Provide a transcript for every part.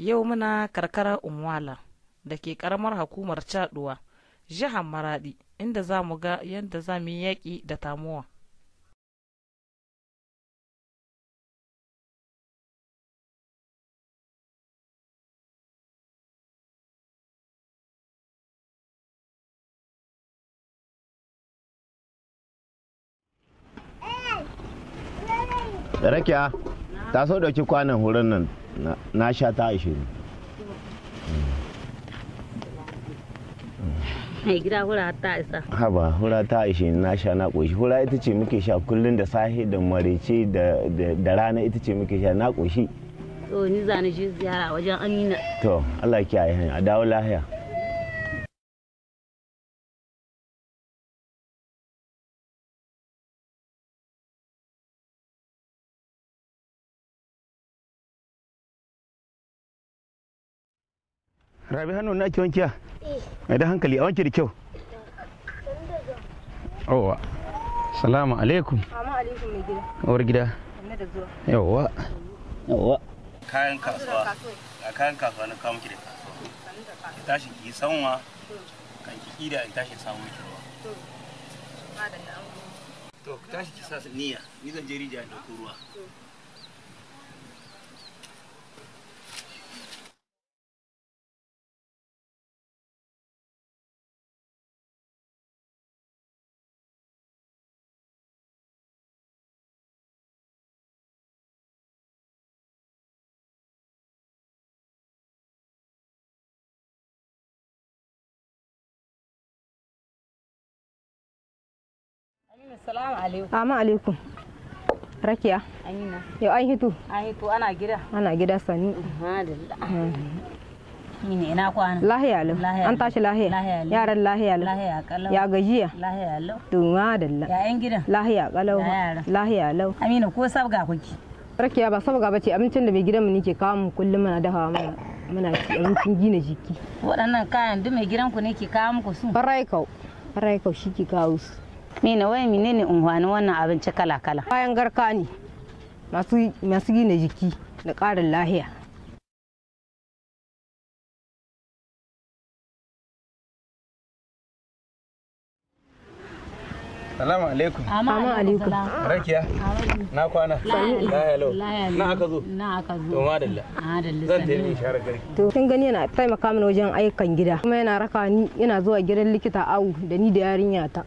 yau muna karkara umwala da ke karamar hukumar caduwa jihar maradi inda za mu ga yadda za mu yi yaƙi da tamuwa Rakiya, ta so ɗauki kwanan wurin nan. na sha ta ashirin mai gida hura ta isa haba hura ta ishe na sha na koshi hura ita ce muke sha kullum da sahi da marece da rana ita ce muke sha na koshi to ni zane shi ziyara wajen amina to allah kiyaye hanyar a dawo lahiya rabi hannu na ake wankiya eh. mai da hankali a wanke da kyau owa salamu alaikum amma alaikum awar gida yawa yawa kayan kasuwa a kayan kasuwa na kawo miki da kasuwa ki tashi ki sanwa kan ki kida in tashi samu miki ruwa to ki tashi ki sa niyya ni zan je rijiya da ruwa Assalamu alaikum. Amma alaikum. Rakiya. Amina. Yau an hito. An hito ana gida. Ana gida sani. Mini hmm. ina kwana. Lahiya lau. An tashi lahiya. Lahiya Yaran lahiya lau. Lahiya kalau. Ya gajiya. Lahiya lau. Tuma da gidan. Lahiya kalau. Lahiya lau. Amina ko sabga kuki. Rakiya ba sabga bace abincin da mai gidan mu nake kawo mu kullum muna dafa mana. Muna ci abincin gina jiki. Waɗannan kayan duk mai gidan ku ne ke kawo muku su. Farai kau. Farai kau shi ke kawo su. Mina wai menene unhwani wannan abinci kala-kala? Bayan garka ne masu gina jiki da ƙarin lahiya. Salamu alaikum. Salamu alaikum. Rakiya. Na kwana. La hello. Na aka zo. Na aka zo. To madalla. Madalla. Zan da yi share gari. To kin gani yana taimaka mana wajen ayyukan gida. Kuma yana raka ni yana zuwa gidan likita awu da ni da yarinya ta.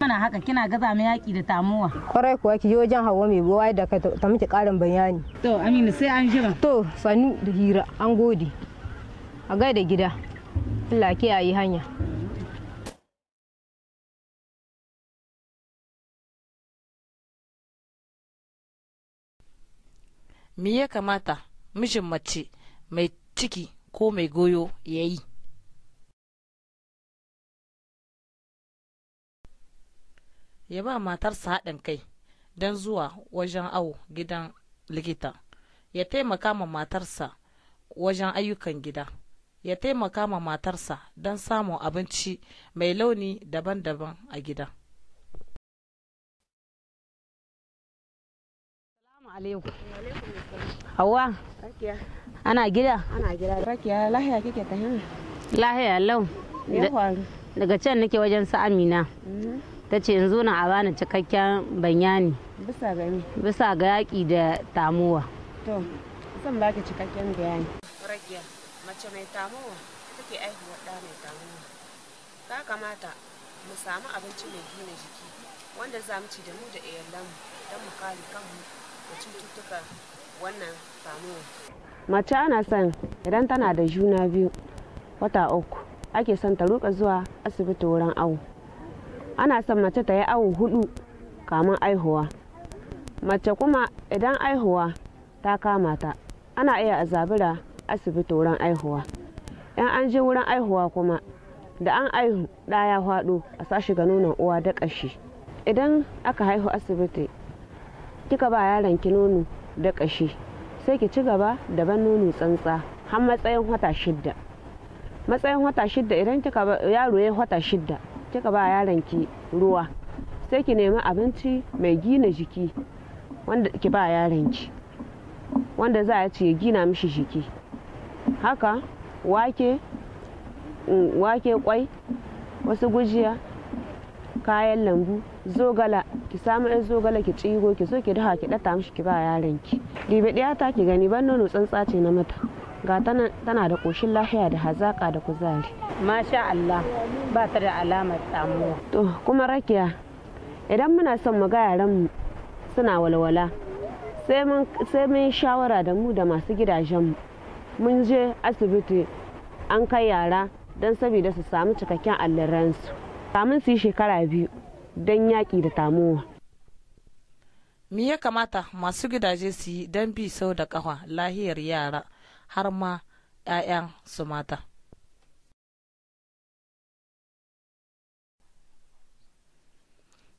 mana haka kina gaza mu yaki da tamuwa kwarai kuwa ki wajen hawa mai gowa da ka ta miki karin bayani to aminu sai an jira. to sanu da hira an gode a gaida gida Allah kiyaye hanya me ya kamata mijin mace mai ciki ko mai goyo ya yi ya ba matarsa haɗin kai don zuwa wajen awo gidan likita ya taimaka ma matarsa wajen ayyukan gida ya taimaka ma matarsa don samun abinci mai launi daban-daban a gida hawa ana gida ana gida rakiya lahiya kike ta lahiya lau daga can nake wajen sa amina mhm. ta ce yanzu na a bani cikakken bayani bisa ga da tamuwa to zan baki cikakken bayani ragiya mace mai tamuwa ke aihuwa ɗa mai tamuwa ta kamata mu samu abinci mai gina jiki wanda za mu ci da mu da mu don mu kare kanmu da cututtuka wannan tamuwa mace ana san idan tana da juna biyu wata uku ake son ta ruka zuwa asibiti wurin awo ana son mace ta yi awo hudu kamun aihuwa mace kuma idan aihuwa ta kama ta ana iya a zabira asibiti wurin aihuwa yan an je wurin aihuwa kuma da an aihu da ya faɗo a sashi ga nonon uwa da ƙashi idan aka haihu asibiti kika ba yaron ki nono da ƙashi sai ki ci gaba da ban nono tsantsa har matsayin wata shidda matsayin wata shidda idan kika yaro ya wata shidda kika ba yaron ki ruwa sai ki nemi abinci mai gina jiki wanda ki ba yaron wanda za a ce ya gina mishi jiki haka wake mm, wake kwai wasu gujiya kayan lambu zogala ki samu yan zogala ki tsigo ki so ki daha ki ɗata mishi ki ba yaron ki dibe ɗaya ta ki gani ban nono tsantsa ce na mata ga tana da ƙoshin lafiya da hazaƙa da kuzari masha Allah ba ta da alamar samuwa to kuma rakiya idan muna son mu ga yaran suna walwala sai mun shawara da mu da masu gidajen mun je asibiti an kai yara don saboda su samu cikakken allaransu kamun su yi shekara biyu don yaƙi da tamuwa. me ya kamata masu gidaje su yi don bi sau da ƙafa lahiyar yara har ma 'ya'yan su mata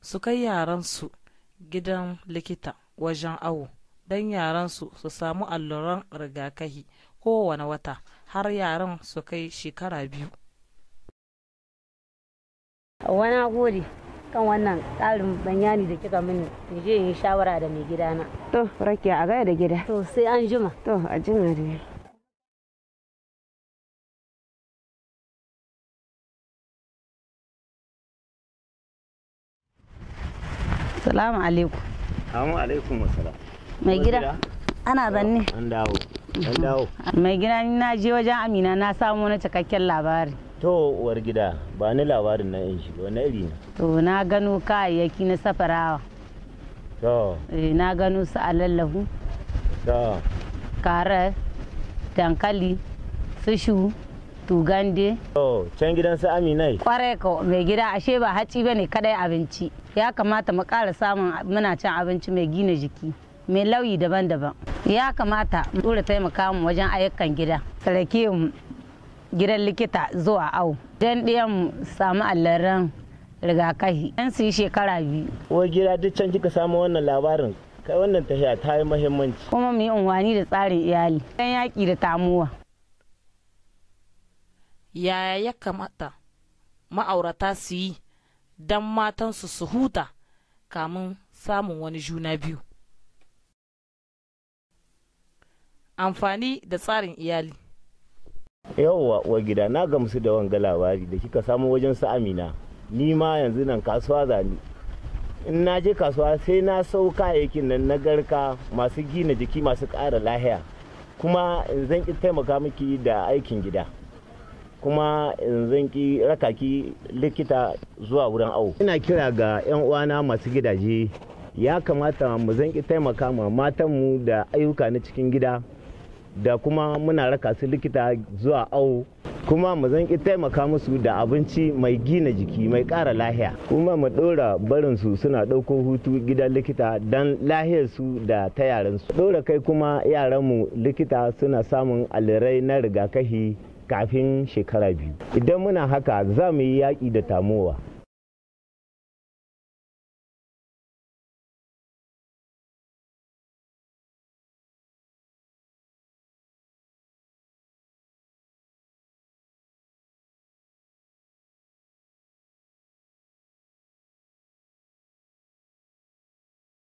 su kai yaransu gidan likita wajen awo don yaransu su samu alluran rigakahi kowane wata har yaran su kai shekara biyu wana gode kan wannan ƙarin bayani da kika mini in je in shawara da mai gidana to rakiya a gaya da gida to sai an jima to a jima da salamu alaikum salamu alaikum mai gida ana zanne an dawo an mhm. dawo mai gida ni na je wajen amina na samu na cikakken labari to uwar gida ba ni labarin na yan shiga wani iri ne to na gano kayayyaki na safarawa to eh, na gano su lallahu to karar dankali su shu tugande oh can gidan su amina kwarai ko mai gida ashe ba haci bane kadai abinci ya kamata mu kara samun muna cin abinci mai gina jiki mai lauyi daban-daban ya kamata mu dora taimaka mu wajen ayyukan gida sarake mu gidan likita zuwa au dan ɗiyan mu samu allaran rigakafi an su yi shekara biyu uwar gida duk can kika samu wannan labarin kai wannan tafiya ta yi muhimmanci kuma mu yi unwani da tsarin iyali dan yaƙi da tamuwa yaya ya kamata ma'aurata su yi don matansu su huta kamun samun wani juna biyu amfani da tsarin iyali yawwa wa gida na gamsu da wanga labari da kika samu wajen su amina ni ma yanzu nan kasuwa zani in na je kasuwa sai na sau kayayyakin nan na garka masu gina jiki masu ƙara lahiya kuma zan ki taimaka miki da aikin gida kuma zan ki rakaki likita zuwa wurin awo ina kira ga 'yan uwana masu gidaje ya kamata mu zan ki taimaka ma matanmu da ayyuka na cikin gida da kuma muna raka su likita zuwa awo kuma mu zan ki taimaka musu da abinci mai gina jiki mai ƙara lahiya kuma mu ɗora barin suna ɗauko hutu gidan likita don lahiyarsu da ta yaransu su ɗora kai kuma yaranmu likita suna samun alirai na rigakafi kafin shekara biyu idan muna haka za mu yi yaƙi da tamowa